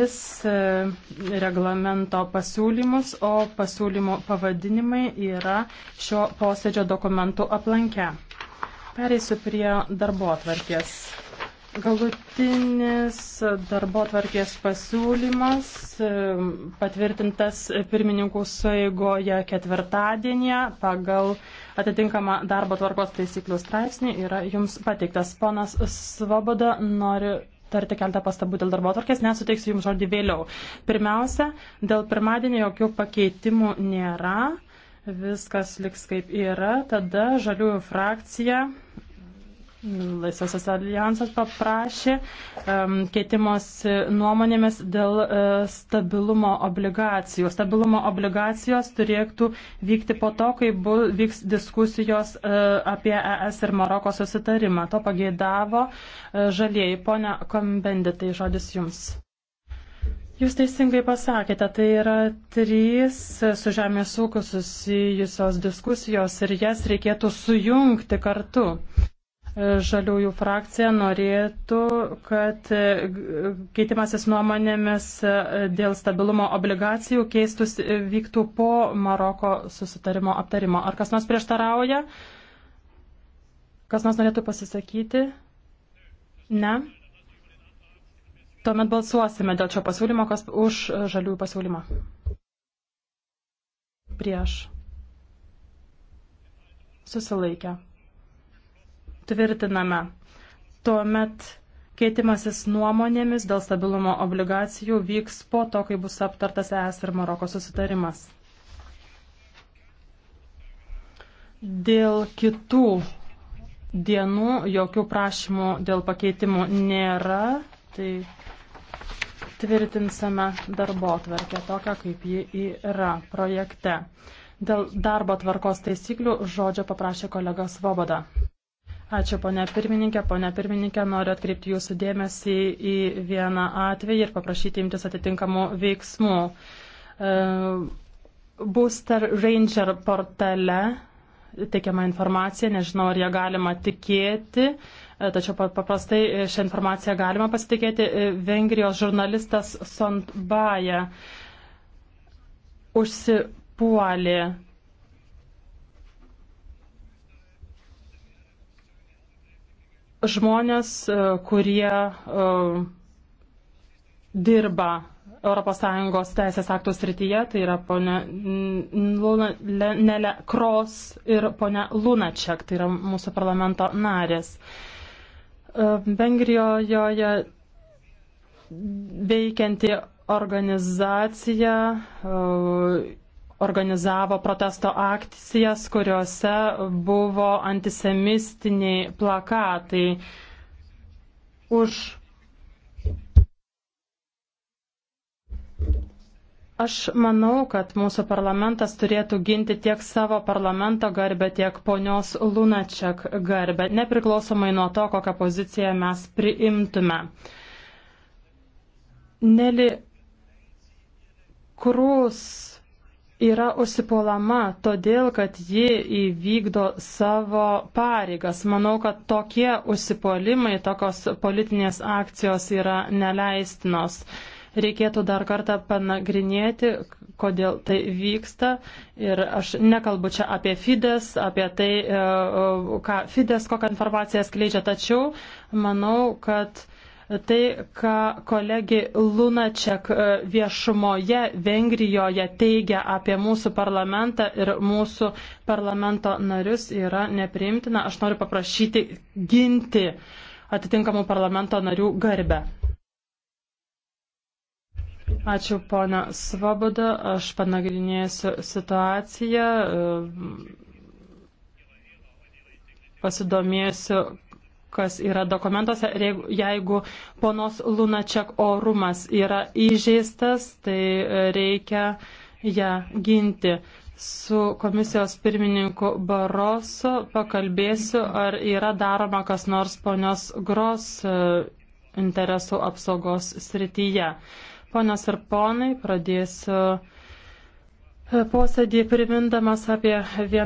tris e, reglamento pasiūlymus, o pasiūlymo pavadinimai yra šio posėdžio dokumentų aplankę. Pereisiu prie darbo atvarkės. Galutinis darbo tvarkės pasiūlymas e, patvirtintas pirmininkų sueigoje ketvirtadienį pagal atitinkamą darbo tvarkos taisyklių straipsnį yra jums pateiktas. Ponas Svoboda nori tarti keltą pastabų dėl darbo atvarkės, nesuteiksiu jums žodį vėliau. Pirmiausia, dėl pirmadienio jokių pakeitimų nėra, viskas liks kaip yra, tada žaliųjų frakcija Laisvosios alijansas paprašė um, keitimos nuomonėmis dėl uh, stabilumo obligacijų. Stabilumo obligacijos turėtų vykti po to, kai bu, vyks diskusijos uh, apie ES ir Maroko susitarimą. To pageidavo uh, žalieji. Pone Kombenditai, žodis jums. Jūs teisingai pasakėte, tai yra trys su žemės ūkiu susijusios diskusijos ir jas reikėtų sujungti kartu. Žaliųjų frakcija norėtų, kad e, keitimasis nuomonėmis e, dėl stabilumo obligacijų keistus e, vyktų po Maroko susitarimo aptarimo. Ar kas nors prieštarauja? Kas nors norėtų pasisakyti? Ne? Tuomet balsuosime dėl šio pasiūlymo, kas už žaliųjų pasiūlymą. Prieš. Susilaikę tvirtiname. Tuomet keitimasis nuomonėmis dėl stabilumo obligacijų vyks po to, kai bus aptartas ES ir Maroko susitarimas. Dėl kitų dienų jokių prašymų dėl pakeitimų nėra, tai tvirtinsime darbo tvarkę tokią, kaip ji yra projekte. Dėl darbo tvarkos taisyklių žodžio paprašė kolega Svoboda. Ačiū, ponia pirmininkė. Ponia pirmininkė, noriu atkreipti jūsų dėmesį į vieną atvejį ir paprašyti imtis atitinkamų veiksmų. E, Booster Ranger portale teikiama informacija, nežinau, ar ją galima tikėti, e, tačiau paprastai šią informaciją galima pasitikėti. E, Vengrijos žurnalistas Sondbaja užsipuolė žmonės, e, kurie e, dirba ES teisės aktų srityje, tai yra ponia Luna, Nelė Kros ir ponia Lunaček, tai yra mūsų parlamento narės. E, Vengrijoje veikianti organizacija organizavo protesto akcijas, kuriuose buvo antisemistiniai plakatai. Už Aš manau, kad mūsų parlamentas turėtų ginti tiek savo parlamento garbę, tiek ponios Lunačiak garbę, nepriklausomai nuo to, kokią poziciją mes priimtume. Neli Krūs yra užsipuolama todėl, kad ji įvykdo savo pareigas. Manau, kad tokie užsipuolimai, tokios politinės akcijos yra neleistinos. Reikėtų dar kartą panagrinėti, kodėl tai vyksta. Ir aš nekalbu čia apie Fides, apie tai, e, e, ką Fides, kokią informaciją skleidžia, tačiau manau, kad uh, tai, ką kolegi Lunaček e, viešumoje Vengrijoje teigia apie mūsų parlamentą ir mūsų parlamento narius, yra nepriimtina. Aš noriu paprašyti ginti atitinkamų parlamento narių garbę. Ačiū, ponia Svoboda. Aš panagrinėsiu situaciją, e, pasidomėsiu, kas yra dokumentuose. Jeigu, jeigu ponos Lunačiak orumas yra įžeistas, tai e, reikia ją ginti. Su komisijos pirmininku Barosu pakalbėsiu, ar yra daroma kas nors ponios Gros e, interesų apsaugos srityje. Ponios ir ponai, pradėsiu e, posėdį primindamas apie vieną.